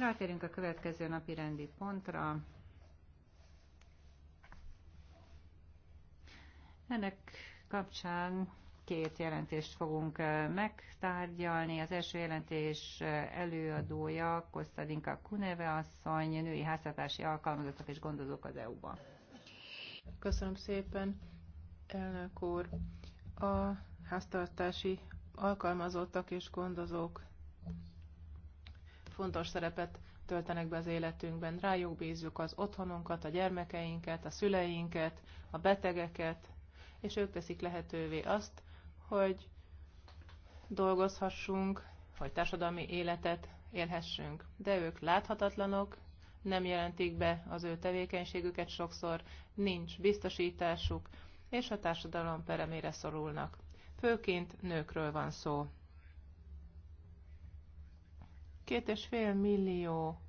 Rátérünk a következő napi rendi pontra. Ennek kapcsán két jelentést fogunk eh, megtárgyalni. Az első jelentés eh, előadója Kosztadinka Kuneve asszony, női háztartási alkalmazottak és gondozók az EU-ban. Köszönöm szépen, elnök úr. A háztartási alkalmazottak és gondozók fontos szerepet töltenek be az életünkben. Rájuk bízzuk az otthonunkat, a gyermekeinket, a szüleinket, a betegeket, és ők teszik lehetővé azt, hogy dolgozhassunk, hogy társadalmi életet élhessünk. De ők láthatatlanok, nem jelentik be az ő tevékenységüket sokszor, nincs biztosításuk, és a társadalom peremére szorulnak. Főként nőkről van szó. Két és fél millió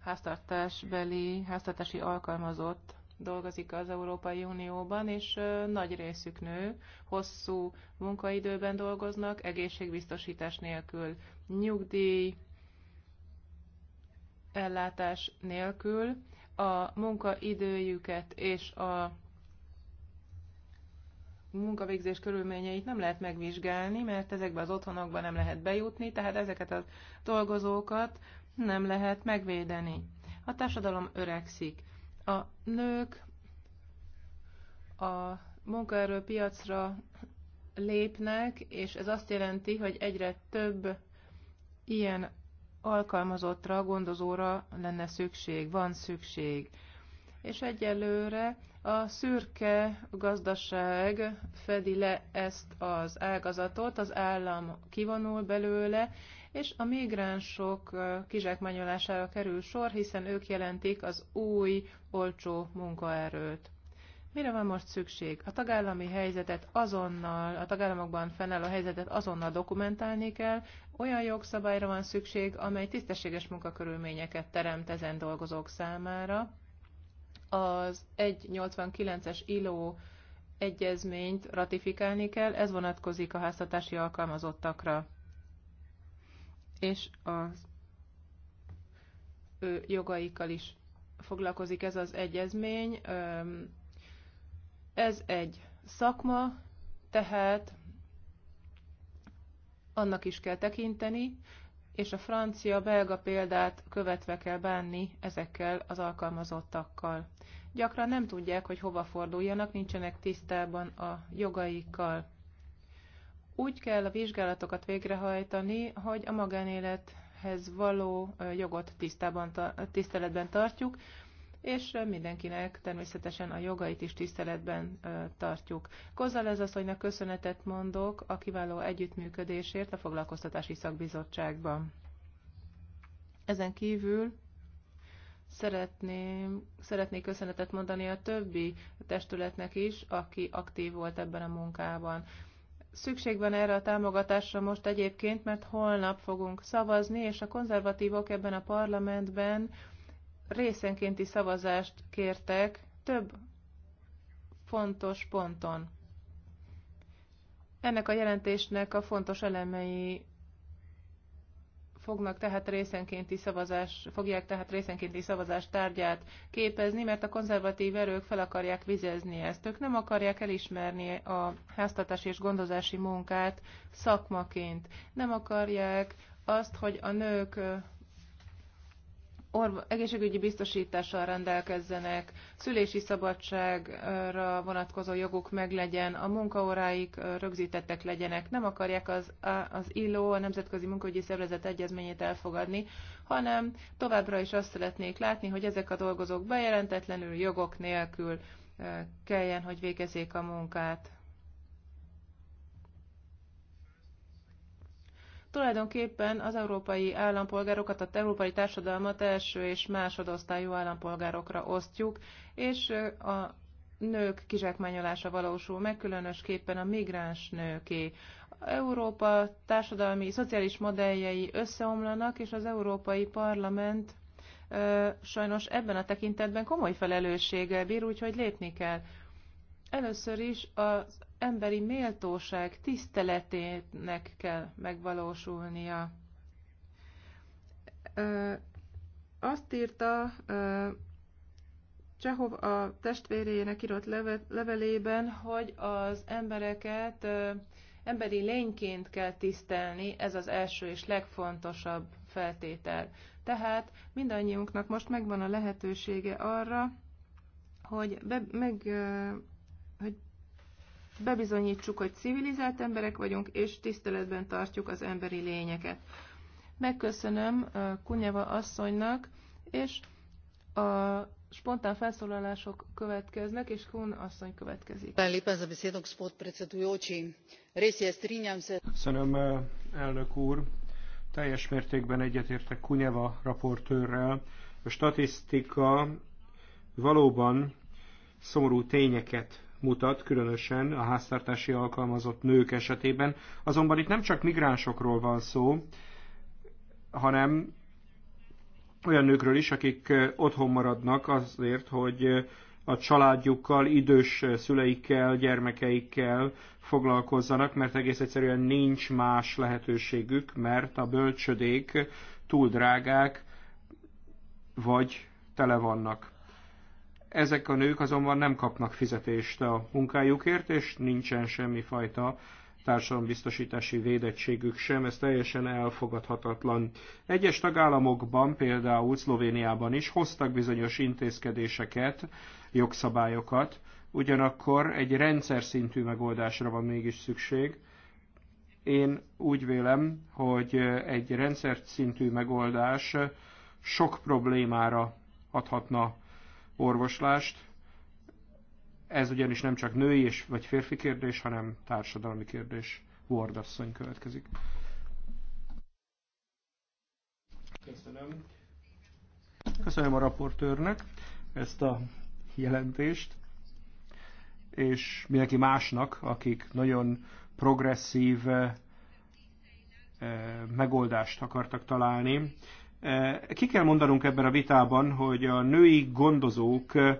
háztartásbeli, háztartási alkalmazott dolgozik az Európai Unióban, és nagy részük nő, hosszú munkaidőben dolgoznak, egészségbiztosítás nélkül, nyugdíj, ellátás nélkül, a munkaidőjüket és a munkavégzés körülményeit nem lehet megvizsgálni, mert ezekbe az otthonokba nem lehet bejutni, tehát ezeket a dolgozókat nem lehet megvédeni. A társadalom öregszik. A nők a munkaerőpiacra lépnek, és ez azt jelenti, hogy egyre több ilyen alkalmazottra, gondozóra lenne szükség, van szükség. És egyelőre a szürke gazdaság fedi le ezt az ágazatot, az állam kivonul belőle, és a migránsok kizsákmányolására kerül sor, hiszen ők jelentik az új, olcsó munkaerőt. Mire van most szükség? A tagállami helyzetet azonnal, a tagállamokban fennálló helyzetet azonnal dokumentálni kell, olyan jogszabályra van szükség, amely tisztességes munkakörülményeket teremt ezen dolgozók számára, az 189-es ILO egyezményt ratifikálni kell, ez vonatkozik a háztartási alkalmazottakra. És az ő jogaikkal is foglalkozik ez az egyezmény. Ez egy szakma, tehát annak is kell tekinteni, és a francia-belga példát követve kell bánni ezekkel az alkalmazottakkal. Gyakran nem tudják, hogy hova forduljanak, nincsenek tisztában a jogaikkal. Úgy kell a vizsgálatokat végrehajtani, hogy a magánélethez való jogot tisztában, tiszteletben tartjuk, és mindenkinek természetesen a jogait is tiszteletben tartjuk. González asszonynak köszönetet mondok a kiváló együttműködésért a foglalkoztatási szakbizottságban. Ezen kívül szeretném, szeretnék köszönetet mondani a többi testületnek is, aki aktív volt ebben a munkában. Szükség van erre a támogatásra most egyébként, mert holnap fogunk szavazni, és a konzervatívok ebben a parlamentben részenkénti szavazást kértek több fontos ponton. Ennek a jelentésnek a fontos elemei fognak tehát részenkénti szavazás, fogják tehát részenkénti szavazás tárgyát képezni, mert a konzervatív erők fel akarják vizezni ezt. Ők nem akarják elismerni a háztartási és gondozási munkát szakmaként. Nem akarják azt, hogy a nők Orv. egészségügyi biztosítással rendelkezzenek, szülési szabadságra vonatkozó joguk meglegyen, a munkaóráik rögzítettek legyenek. Nem akarják az, az ILO, a Nemzetközi Munkaügyi Szervezet egyezményét elfogadni, hanem továbbra is azt szeretnék látni, hogy ezek a dolgozók bejelentetlenül, jogok nélkül kelljen, hogy végezzék a munkát. tulajdonképpen az európai állampolgárokat, a európai társadalmat első és másodosztályú állampolgárokra osztjuk, és a nők kizsákmányolása valósul meg, különösképpen a migráns nőké. Európa társadalmi, szociális modelljei összeomlanak, és az Európai Parlament ö, sajnos ebben a tekintetben komoly felelősséggel bír, úgyhogy lépni kell. Először is az emberi méltóság tiszteletének kell megvalósulnia. Azt írta Csehov a testvérének írott levelében, hogy az embereket emberi lényként kell tisztelni, ez az első és legfontosabb feltétel. Tehát mindannyiunknak most megvan a lehetősége arra, hogy be, meg hogy bebizonyítsuk, hogy civilizált emberek vagyunk, és tiszteletben tartjuk az emberi lényeket. Megköszönöm Kunyeva asszonynak, és a spontán felszólalások következnek, és Kun asszony következik. Köszönöm, elnök úr. Teljes mértékben egyetértek Kunyeva raportőrrel. A statisztika valóban szomorú tényeket mutat, különösen a háztartási alkalmazott nők esetében. Azonban itt nem csak migránsokról van szó, hanem olyan nőkről is, akik otthon maradnak azért, hogy a családjukkal, idős szüleikkel, gyermekeikkel foglalkozzanak, mert egész egyszerűen nincs más lehetőségük, mert a bölcsödék túl drágák, vagy tele vannak. Ezek a nők azonban nem kapnak fizetést a munkájukért, és nincsen fajta társadalombiztosítási védettségük sem, ez teljesen elfogadhatatlan. Egyes tagállamokban, például Szlovéniában is hoztak bizonyos intézkedéseket, jogszabályokat, ugyanakkor egy rendszer szintű megoldásra van mégis szükség. Én úgy vélem, hogy egy rendszer szintű megoldás sok problémára adhatna orvoslást. Ez ugyanis nem csak női és, vagy férfi kérdés, hanem társadalmi kérdés. Ward asszony következik. Köszönöm. Köszönöm a raportőrnek ezt a jelentést, és mindenki másnak, akik nagyon progresszív eh, megoldást akartak találni Eh, ki kell mondanunk ebben a vitában, hogy a női gondozók eh,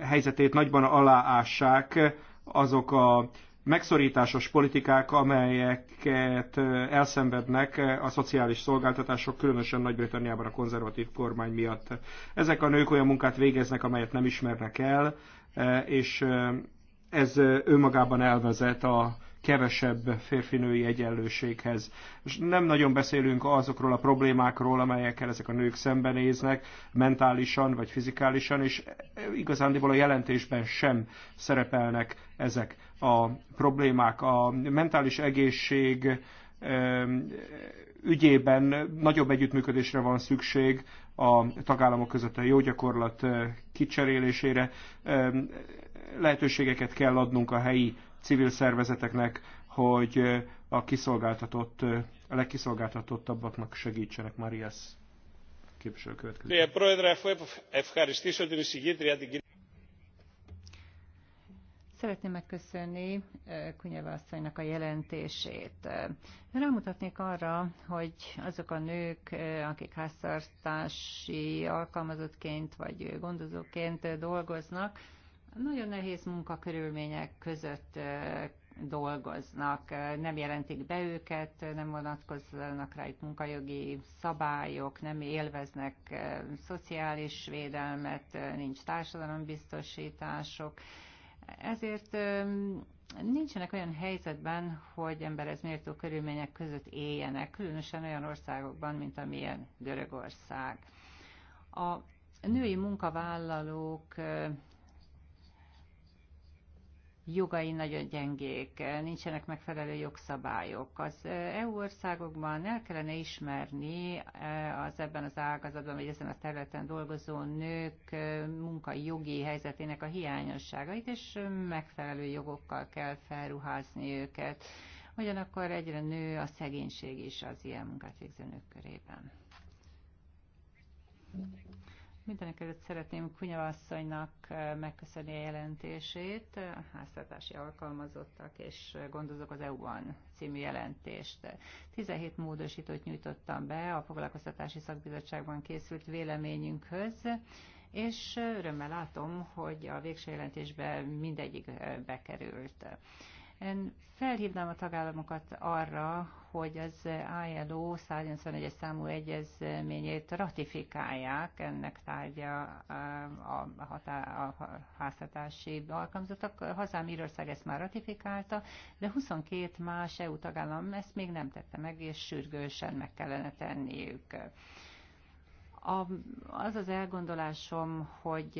helyzetét nagyban aláássák azok a megszorításos politikák, amelyeket eh, elszenvednek a szociális szolgáltatások, különösen Nagy-Britanniában a konzervatív kormány miatt. Ezek a nők olyan munkát végeznek, amelyet nem ismernek el, és ez önmagában elvezet a kevesebb férfinői egyenlőséghez. És nem nagyon beszélünk azokról a problémákról, amelyekkel ezek a nők szembenéznek, mentálisan vagy fizikálisan, és igazándiból a jelentésben sem szerepelnek ezek a problémák. A mentális egészség ügyében nagyobb együttműködésre van szükség a tagállamok között a jó gyakorlat kicserélésére. Lehetőségeket kell adnunk a helyi civil szervezeteknek, hogy a kiszolgáltatott, a legkiszolgáltatottabbaknak segítsenek. Marias képviselő következő. Szeretném megköszönni Kunyeva asszonynak a jelentését. Rámutatnék arra, hogy azok a nők, akik háztartási alkalmazottként vagy gondozóként dolgoznak, nagyon nehéz munkakörülmények között dolgoznak, nem jelentik be őket, nem vonatkoznak rájuk munkajogi szabályok, nem élveznek szociális védelmet, nincs társadalombiztosítások. Ezért nincsenek olyan helyzetben, hogy emberhez méltó körülmények között éljenek, különösen olyan országokban, mint amilyen Görögország. A női munkavállalók jogai nagyon gyengék, nincsenek megfelelő jogszabályok. Az EU országokban el kellene ismerni az ebben az ágazatban, vagy ezen a területen dolgozó nők jogi helyzetének a hiányosságait, és megfelelő jogokkal kell felruházni őket. Ugyanakkor egyre nő a szegénység is az ilyen munkát végző nők körében. Mindenek előtt szeretném Kunya asszonynak megköszönni a jelentését, a háztartási alkalmazottak és gondozók az EU-ban című jelentést. 17 módosítót nyújtottam be a foglalkoztatási szakbizottságban készült véleményünkhöz, és örömmel látom, hogy a végső jelentésbe mindegyik bekerült. Én felhívnám a tagállamokat arra, hogy az ILO 181-es számú egyezményét ratifikálják, ennek tárgya a, hatá, a háztatási alkalmazottak. Hazám Írország ezt már ratifikálta, de 22 más EU tagállam ezt még nem tette meg, és sürgősen meg kellene tenniük. A, az az elgondolásom, hogy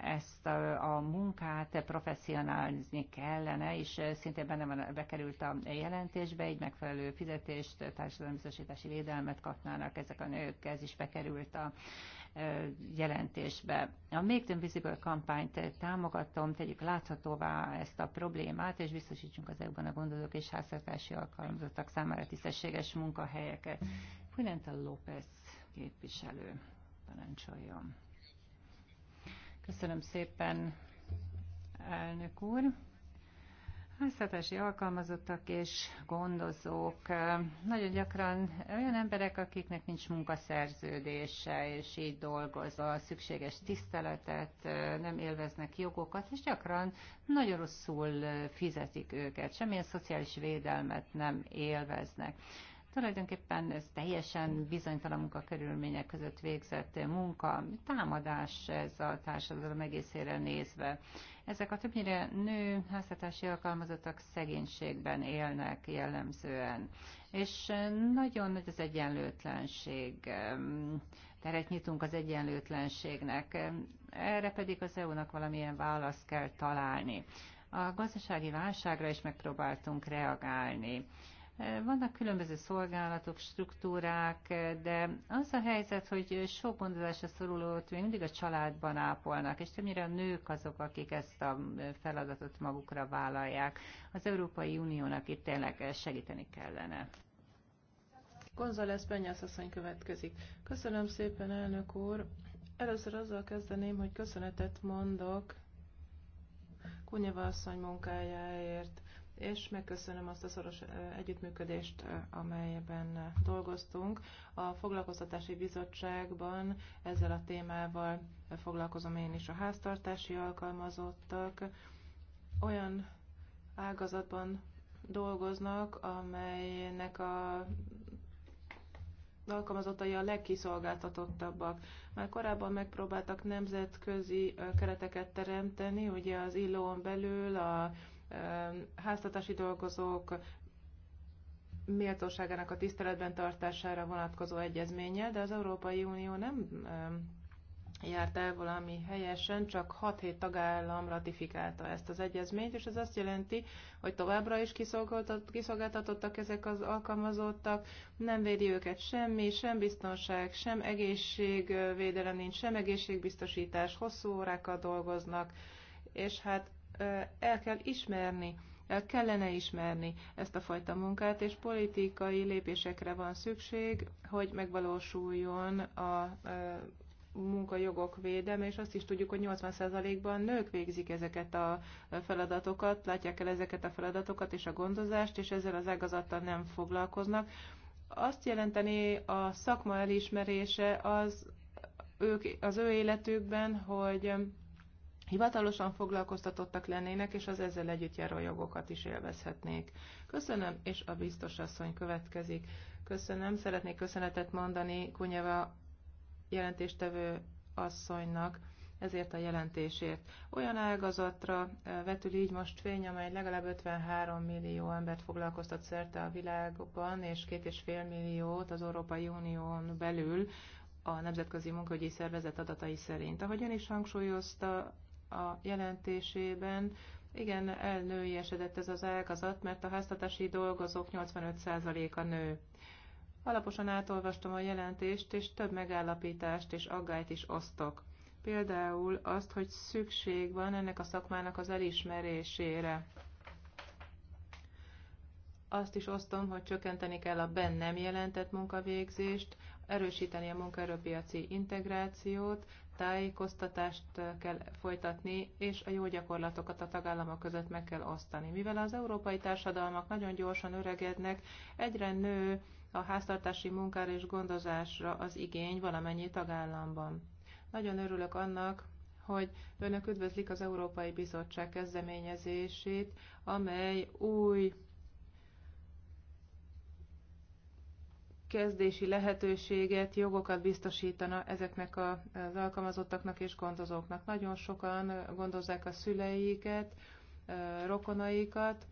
ezt a, a munkát professzionálni kellene, és szintén benne van, bekerült a jelentésbe, egy megfelelő fizetést, társadalmi biztosítási védelmet kapnának ezek a nők, ez is bekerült a jelentésbe. A Make Them Visible kampányt támogatom, tegyük láthatóvá ezt a problémát, és biztosítsunk az EU-ban a gondozók és háztartási alkalmazottak számára tisztességes munkahelyeket. Fulenta López képviselő. Parancsoljon. Köszönöm szépen, elnök úr. Háztartási alkalmazottak és gondozók nagyon gyakran olyan emberek, akiknek nincs munkaszerződése, és így dolgozva a szükséges tiszteletet, nem élveznek jogokat, és gyakran nagyon rosszul fizetik őket, semmilyen szociális védelmet nem élveznek. Tulajdonképpen ez teljesen bizonytalan munkakörülmények között végzett munka, támadás ez a társadalom egészére nézve. Ezek a többnyire nő háztartási alkalmazottak szegénységben élnek jellemzően, és nagyon nagy az egyenlőtlenség. Teret nyitunk az egyenlőtlenségnek, erre pedig az EU-nak valamilyen választ kell találni. A gazdasági válságra is megpróbáltunk reagálni vannak különböző szolgálatok, struktúrák, de az a helyzet, hogy sok gondozásra szorulót még mindig a családban ápolnak, és többnyire a nők azok, akik ezt a feladatot magukra vállalják. Az Európai Uniónak itt tényleg segíteni kellene. González Benyász asszony következik. Köszönöm szépen, elnök úr. Először azzal kezdeném, hogy köszönetet mondok Kunyeva asszony munkájáért és megköszönöm azt a szoros együttműködést, amelyben dolgoztunk. A Foglalkoztatási Bizottságban ezzel a témával foglalkozom én is a háztartási alkalmazottak. Olyan ágazatban dolgoznak, amelynek a alkalmazottai a legkiszolgáltatottabbak. Már korábban megpróbáltak nemzetközi kereteket teremteni, ugye az ilo belül a háztatási dolgozók méltóságának a tiszteletben tartására vonatkozó egyezménye, de az Európai Unió nem járt el valami helyesen, csak 6-7 tagállam ratifikálta ezt az egyezményt, és ez azt jelenti, hogy továbbra is kiszolgáltatottak ezek az alkalmazottak, nem védi őket semmi, sem biztonság, sem egészségvédelem nincs, sem egészségbiztosítás, hosszú órákkal dolgoznak, és hát el kell ismerni, el kellene ismerni ezt a fajta munkát, és politikai lépésekre van szükség, hogy megvalósuljon a munkajogok védelme, és azt is tudjuk, hogy 80%-ban nők végzik ezeket a feladatokat, látják el ezeket a feladatokat és a gondozást, és ezzel az ágazattal nem foglalkoznak. Azt jelenteni a szakma elismerése az, ők, az ő életükben, hogy hivatalosan foglalkoztatottak lennének, és az ezzel együtt járó jogokat is élvezhetnék. Köszönöm, és a biztos asszony következik. Köszönöm, szeretnék köszönetet mondani Kunyeva jelentéstevő asszonynak ezért a jelentésért. Olyan ágazatra vetül így most fény, amely legalább 53 millió embert foglalkoztat szerte a világban, és 2,5 milliót az Európai Unión belül a Nemzetközi Munkahogyi Szervezet adatai szerint. Ahogy ön is hangsúlyozta, a jelentésében, igen, elnői esedett ez az ágazat, mert a háztatási dolgozók 85%-a nő. Alaposan átolvastam a jelentést, és több megállapítást és aggályt is osztok. Például azt, hogy szükség van ennek a szakmának az elismerésére. Azt is osztom, hogy csökkenteni kell a bennem nem jelentett munkavégzést, erősíteni a munkaerőpiaci integrációt, tájékoztatást kell folytatni, és a jó gyakorlatokat a tagállamok között meg kell osztani. Mivel az európai társadalmak nagyon gyorsan öregednek, egyre nő a háztartási munkára és gondozásra az igény valamennyi tagállamban. Nagyon örülök annak, hogy önök üdvözlik az Európai Bizottság kezdeményezését, amely új kezdési lehetőséget, jogokat biztosítana ezeknek az alkalmazottaknak és gondozóknak. Nagyon sokan gondozzák a szüleiket, rokonaikat.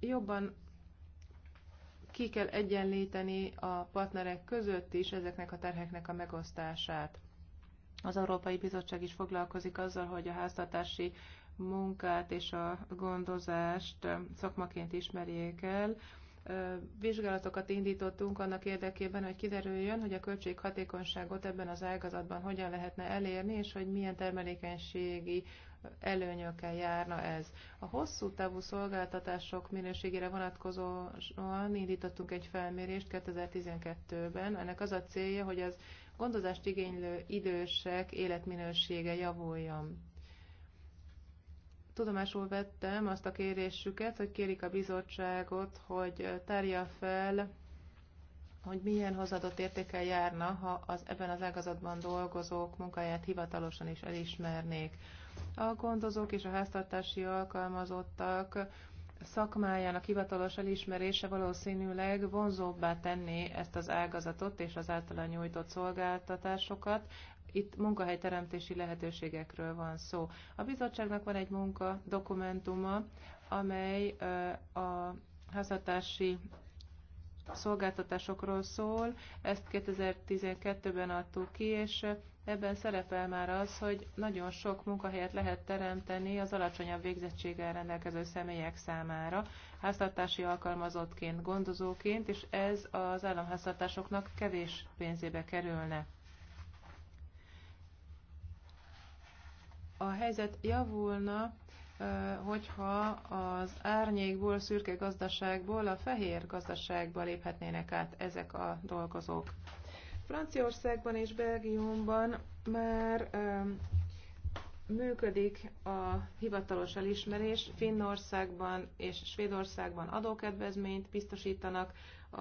Jobban ki kell egyenlíteni a partnerek között is ezeknek a terheknek a megosztását. Az Európai Bizottság is foglalkozik azzal, hogy a háztartási munkát és a gondozást szakmaként ismerjék el vizsgálatokat indítottunk annak érdekében, hogy kiderüljön, hogy a költséghatékonyságot ebben az ágazatban hogyan lehetne elérni, és hogy milyen termelékenységi előnyökkel járna ez. A hosszú távú szolgáltatások minőségére vonatkozóan indítottunk egy felmérést 2012-ben. Ennek az a célja, hogy az gondozást igénylő idősek életminősége javuljon. Tudomásul vettem azt a kérésüket, hogy kérik a bizottságot, hogy tárja fel, hogy milyen hozadott értékkel járna, ha az ebben az ágazatban dolgozók munkáját hivatalosan is elismernék. A gondozók és a háztartási alkalmazottak szakmájának hivatalos elismerése valószínűleg vonzóbbá tenni ezt az ágazatot és az általa nyújtott szolgáltatásokat. Itt munkahelyteremtési lehetőségekről van szó. A bizottságnak van egy munka dokumentuma, amely a házhatási szolgáltatásokról szól. Ezt 2012-ben adtuk ki, és Ebben szerepel már az, hogy nagyon sok munkahelyet lehet teremteni az alacsonyabb végzettséggel rendelkező személyek számára, háztartási alkalmazottként, gondozóként, és ez az államháztartásoknak kevés pénzébe kerülne. A helyzet javulna, hogyha az árnyékból, szürke gazdaságból a fehér gazdaságba léphetnének át ezek a dolgozók. Franciaországban és Belgiumban már működik a hivatalos elismerés. Finnországban és Svédországban adókedvezményt biztosítanak a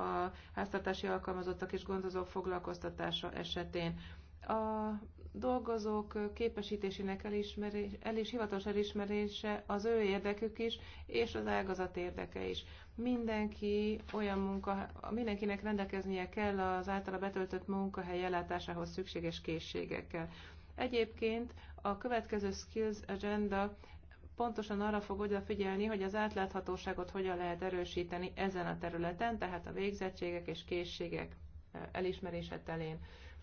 háztartási alkalmazottak és gondozók foglalkoztatása esetén. A dolgozók képesítésének elismerés, el is hivatalos elismerése az ő érdekük is, és az ágazat érdeke is. Mindenki olyan munka, mindenkinek rendelkeznie kell az általa betöltött munkahely ellátásához szükséges készségekkel. Egyébként a következő Skills Agenda pontosan arra fog odafigyelni, hogy az átláthatóságot hogyan lehet erősíteni ezen a területen, tehát a végzettségek és készségek eh, elismerése telén.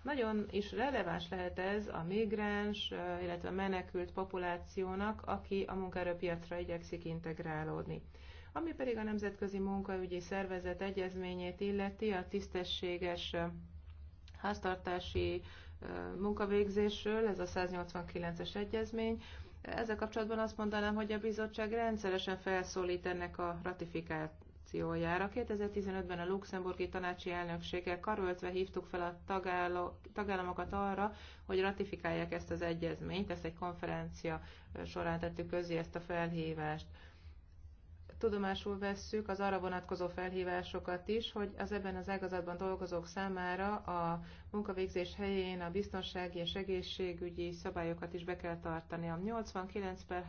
Nagyon is releváns lehet ez a migráns, illetve a menekült populációnak, aki a munkaerőpiacra igyekszik integrálódni. Ami pedig a Nemzetközi Munkaügyi Szervezet egyezményét illeti, a tisztességes háztartási munkavégzésről, ez a 189-es egyezmény, ezzel kapcsolatban azt mondanám, hogy a bizottság rendszeresen felszólít ennek a ratifikált reakciójára. 2015-ben a luxemburgi tanácsi elnökséggel karöltve hívtuk fel a tagállamokat arra, hogy ratifikálják ezt az egyezményt, ezt egy konferencia során tettük közé ezt a felhívást tudomásul vesszük az arra vonatkozó felhívásokat is, hogy az ebben az ágazatban dolgozók számára a munkavégzés helyén a biztonsági és egészségügyi szabályokat is be kell tartani. A 89 per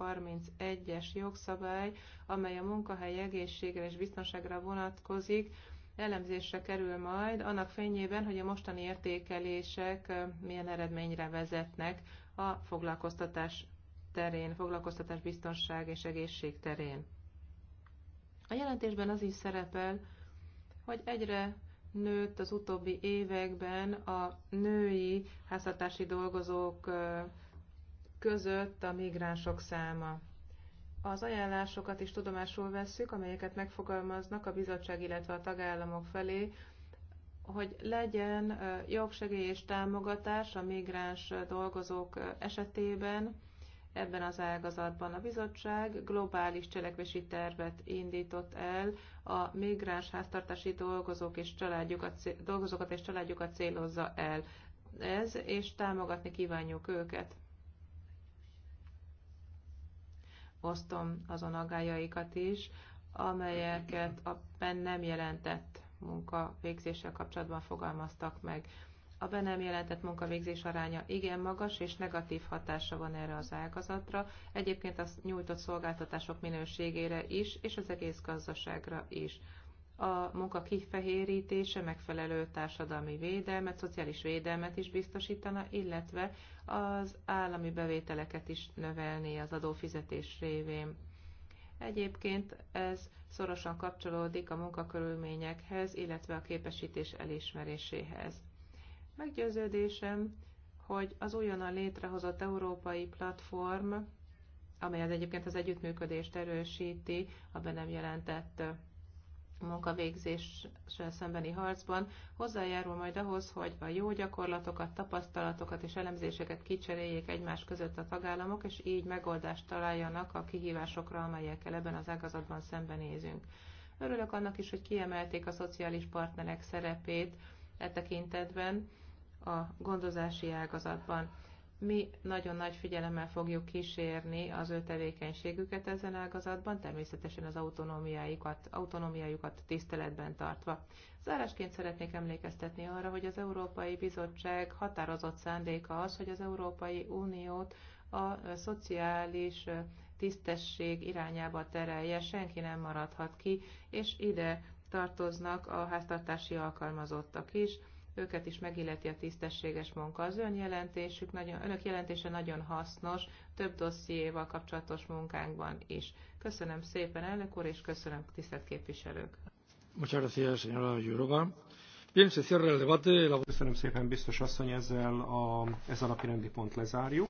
331-es jogszabály, amely a munkahely egészségre és biztonságra vonatkozik, elemzésre kerül majd, annak fényében, hogy a mostani értékelések milyen eredményre vezetnek a foglalkoztatás terén, foglalkoztatás, biztonság és egészség terén. A jelentésben az is szerepel, hogy egyre nőtt az utóbbi években a női háztartási dolgozók között a migránsok száma. Az ajánlásokat is tudomásul vesszük, amelyeket megfogalmaznak a bizottság, illetve a tagállamok felé, hogy legyen jogsegély és támogatás a migráns dolgozók esetében, ebben az ágazatban. A bizottság globális cselekvési tervet indított el a migráns háztartási dolgozók és családjukat, dolgozókat és családjukat célozza el. Ez, és támogatni kívánjuk őket. Osztom azon agályaikat is, amelyeket a PEN nem jelentett munka végzéssel kapcsolatban fogalmaztak meg a be nem jelentett munkavégzés aránya igen magas, és negatív hatása van erre az ágazatra, egyébként a nyújtott szolgáltatások minőségére is, és az egész gazdaságra is. A munka kifehérítése megfelelő társadalmi védelmet, szociális védelmet is biztosítana, illetve az állami bevételeket is növelné az adófizetés révén. Egyébként ez szorosan kapcsolódik a munkakörülményekhez, illetve a képesítés elismeréséhez. Meggyőződésem, hogy az újonnan létrehozott európai platform, amely az egyébként az együttműködést erősíti a be nem jelentett munkavégzéssel szembeni harcban, hozzájárul majd ahhoz, hogy a jó gyakorlatokat, tapasztalatokat és elemzéseket kicseréljék egymás között a tagállamok, és így megoldást találjanak a kihívásokra, amelyekkel ebben az ágazatban szembenézünk. Örülök annak is, hogy kiemelték a szociális partnerek szerepét e tekintetben, a gondozási ágazatban. Mi nagyon nagy figyelemmel fogjuk kísérni az ő tevékenységüket ezen ágazatban, természetesen az autonómiájukat, autonómiájukat tiszteletben tartva. Zárásként szeretnék emlékeztetni arra, hogy az Európai Bizottság határozott szándéka az, hogy az Európai Uniót a szociális tisztesség irányába terelje, senki nem maradhat ki, és ide tartoznak a háztartási alkalmazottak is, őket is megilleti a tisztességes munka. Az ön jelentésük nagyon, önök jelentése nagyon hasznos, több dossziéval kapcsolatos munkánkban is. Köszönöm szépen, elnök úr, és köszönöm tisztelt képviselők. Muchas gracias, señora Jurova. Bien, se cierra el debate. Köszönöm szépen, biztos asszony, ezzel a, ez a napi rendi pont lezárjuk.